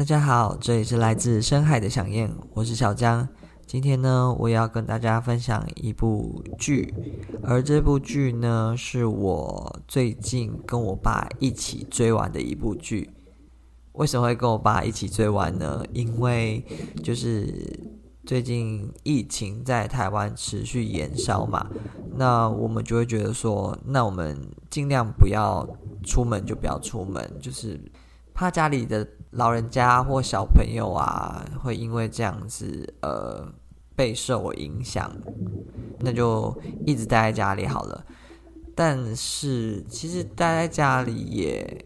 大家好，這裡是來自深海的響宴，我是小江。今天呢，我要跟大家分享一部劇，而這部劇呢，是我最近跟我爸一起追完的一部劇。為什麼會跟我爸一起追完呢？因為就是最近疫情在台灣持續延燒嘛，那我們就會覺得說，那我們盡量不要出門就不要出門，就是。怕家裡的老人家或小朋友啊，會因為這樣子呃，備受影響，那就一直待在家裡好了。但是其實待在家裡也，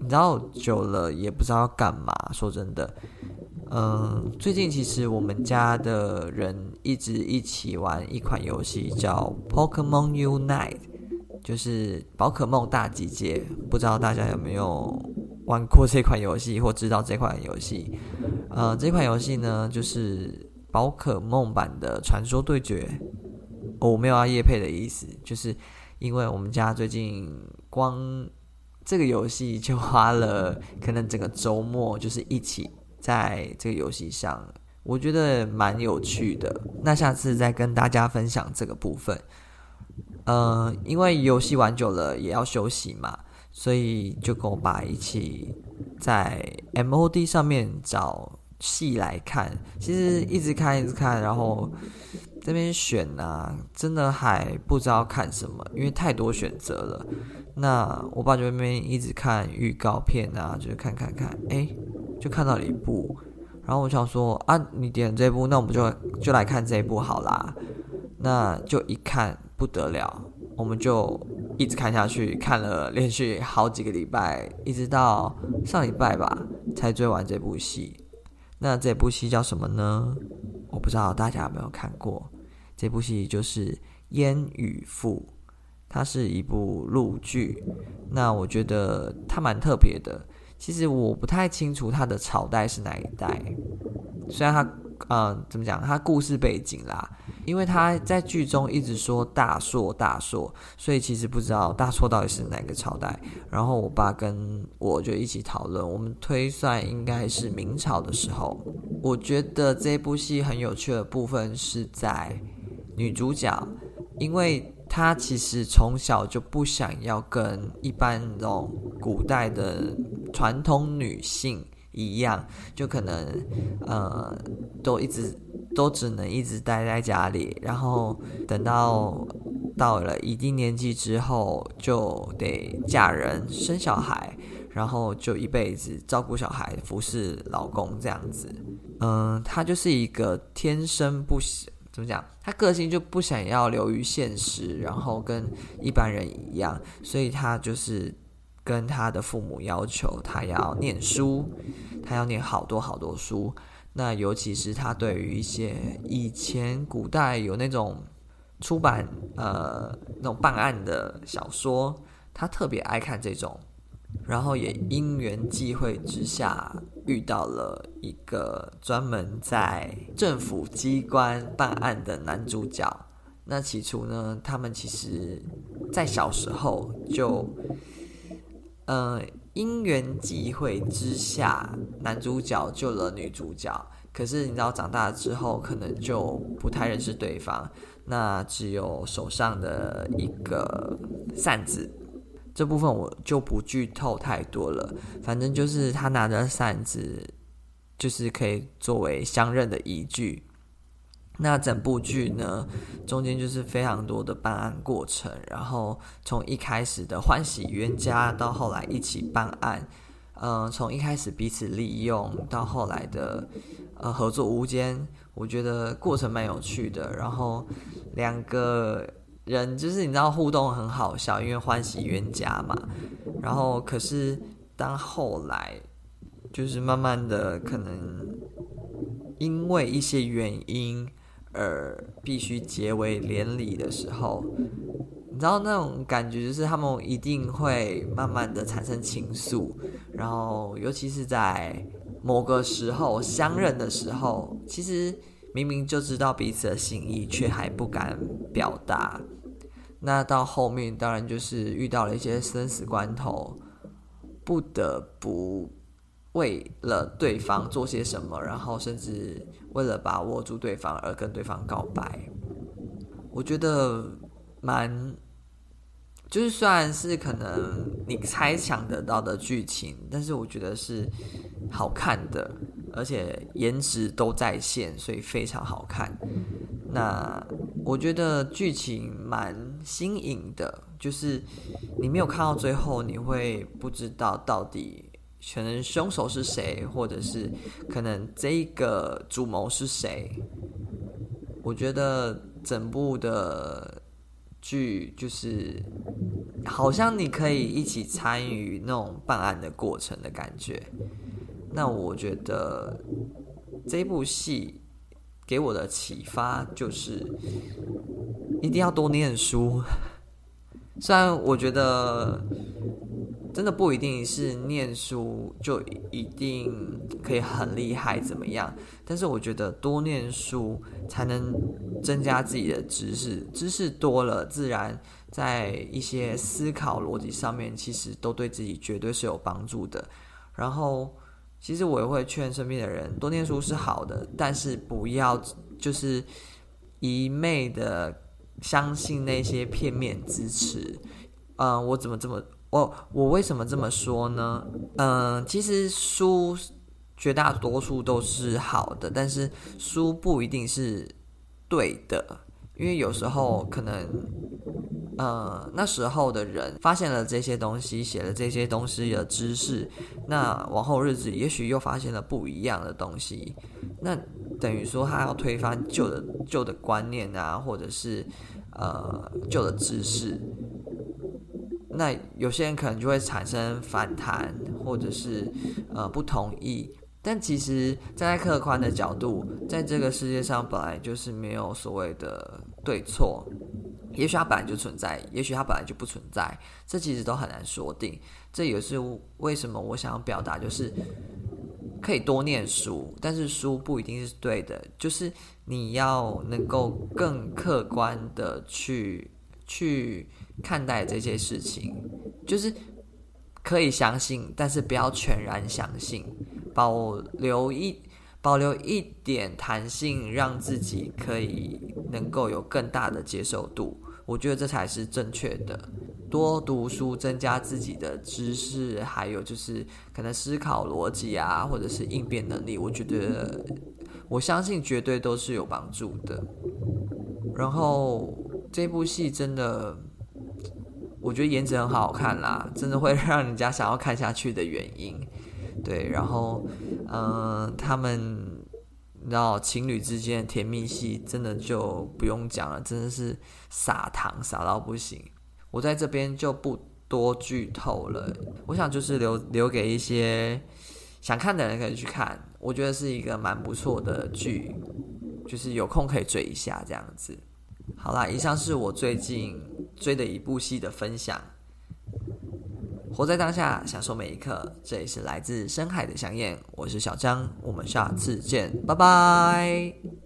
你知道久了也不知道幹嘛。說真的，嗯、呃，最近其實我們家的人一直一起玩一款遊戲，叫《Pokémon Unite》，就是寶可夢大集結。不知道大家有沒有？玩過這款遊戲，或知道這款遊戲，呃，這款遊戲呢，就是寶可夢版的傳說對決。我、哦、沒有要業配的意思，就是因為我們家最近光這個遊戲就花了，可能整個周末就是一起在這個遊戲上，我覺得蠻有趣的。那下次再跟大家分享這個部分。呃，因為遊戲玩久了也要休息嘛。所以就跟我爸一起在 MOD 上面找戲來看，其實一直看一直看，然後這邊選啊，真的還不知道看什麼，因為太多選擇了。那我爸就那邊一直看預告片啊，就是看看看，哎、欸，就看到了一部，然後我想說啊，你點這部，那我們就就來看這一部好啦，那就一看不得了，我們就。一直看下去，看了連續好幾個禮拜，一直到上禮拜吧，才追完這部戲。那這部戲叫什麼呢？我不知道大家有沒有看過。這部戲就是《嫣語賦》，它是一部陸劇。那我覺得它蠻特別的。其實我不太清楚它的朝代是哪一代，雖然它。嗯、呃，怎麼講？他故事背景啦，因為他在劇中一直說大碩大碩，所以其實不知道大碩到底是哪個朝代。然後我爸跟我就一起討論，我們推算應該是明朝的時候。我覺得這部戲很有趣的部分是在女主角，因為她其實從小就不想要跟一般那種古代的傳統女性，一樣，就可能，呃、嗯，都一直都只能一直待在家裡，然後等到到了一定年紀之後，就得嫁人生小孩，然後就一輩子照顧小孩、服侍老公這樣子。嗯，他就是一個天生不怎麼講，他個性就不想要流於現實，然後跟一般人一樣，所以他就是。跟他的父母要求，他要念書，他要念好多好多書。那尤其是他對於一些以前古代有那種出版呃那種辦案的小說，他特別愛看這種。然後也因緣際會之下遇到了一個專門在政府機關辦案的男主角。那起初呢，他們其實在小時候就。嗯，因緣際會之下，男主角救了女主角。可是你知道，長大之後可能就不太認識對方。那只有手上的一個扇子，這部分我就不劇透太多了。反正就是他拿着扇子，就是可以作為相認的依據。那整部劇呢，中間就是非常多的辦案過程，然後從一開始的歡喜冤家到後來一起辦案，嗯、呃，從一開始彼此利用到後來的呃合作無間，我覺得過程蠻有趣的。然後兩個人就是你知道互動很好笑，因為歡喜冤家嘛。然後可是當後來就是慢慢的可能因為一些原因。而必須結為連理的時候，你知道那種感覺，就是他們一定會慢慢的產生情愫，然後尤其是在某個時候相認的時候，其實明明就知道彼此的心意，卻還不敢表達。那到後面，當然就是遇到了一些生死關頭，不得不。為了對方做些什麼，然後甚至為了把握住對方而跟對方告白，我覺得蠻，就是雖然是可能你猜想得到的劇情，但是我覺得是好看的，而且顏值都在線，所以非常好看。那我覺得劇情蠻新穎的，就是你沒有看到最後，你會不知道到底。可能兇手是誰，或者是可能這個主謀是誰？我覺得整部的劇就是好像你可以一起參與那種辦案的過程的感覺。那我覺得這部戲給我的啟發就是一定要多念書。雖然我覺得。真的不一定是念書就一定可以很厲害，怎麼樣？但是我覺得多念書才能增加自己的知識，知識多了，自然在一些思考邏輯上面，其實都對自己絕對是有幫助的。然後，其實我也會勸身邊的人，多念書是好的，但是不要就是一味的相信那些片面支持。嗯、呃，我怎麼這麼？我我為什麼這麼說呢？嗯、呃，其實書絕大多數都是好的，但是書不一定是對的，因為有時候可能，嗯、呃，那時候的人發現了這些東西，寫了這些東西的知識，那往後日子也許又發現了不一樣的東西，那等於說他要推翻舊的舊的觀念啊，或者是呃舊的知識。那有些人可能就會產生反彈，或者是呃不同意。但其實站在客觀的角度，在這個世界上本來就是沒有所謂的對錯。也許它本來就存在，也許它本來就不存在，這其實都很難說定。這也是為什麼我想要表達，就是可以多念書，但是書不一定是對的。就是你要能夠更客觀的去。去看待這些事情，就是可以相信，但是不要全然相信，保留一保留一點彈性，讓自己可以能夠有更大的接受度。我覺得這才是正確的。多讀書，增加自己的知識，還有就是可能思考邏輯啊，或者是應變能力，我覺得我相信絕對都是有幫助的。然後。這部戲真的，我覺得顏值很好看啦，真的會讓人家想要看下去的原因。對，然後，嗯，他們然後情侶之間的甜蜜戲，真的就不用講了，真的是撒糖撒到不行。我在這邊就不多劇透了，我想就是留留給一些想看的人可以去看。我覺得是一個蠻不錯的劇，就是有空可以追一下這樣子。好啦，以上是我最近追的一部戲的分享。活在當下，享受每一刻。這裡是來自深海的香艷，我是小張，我們下次見，拜拜。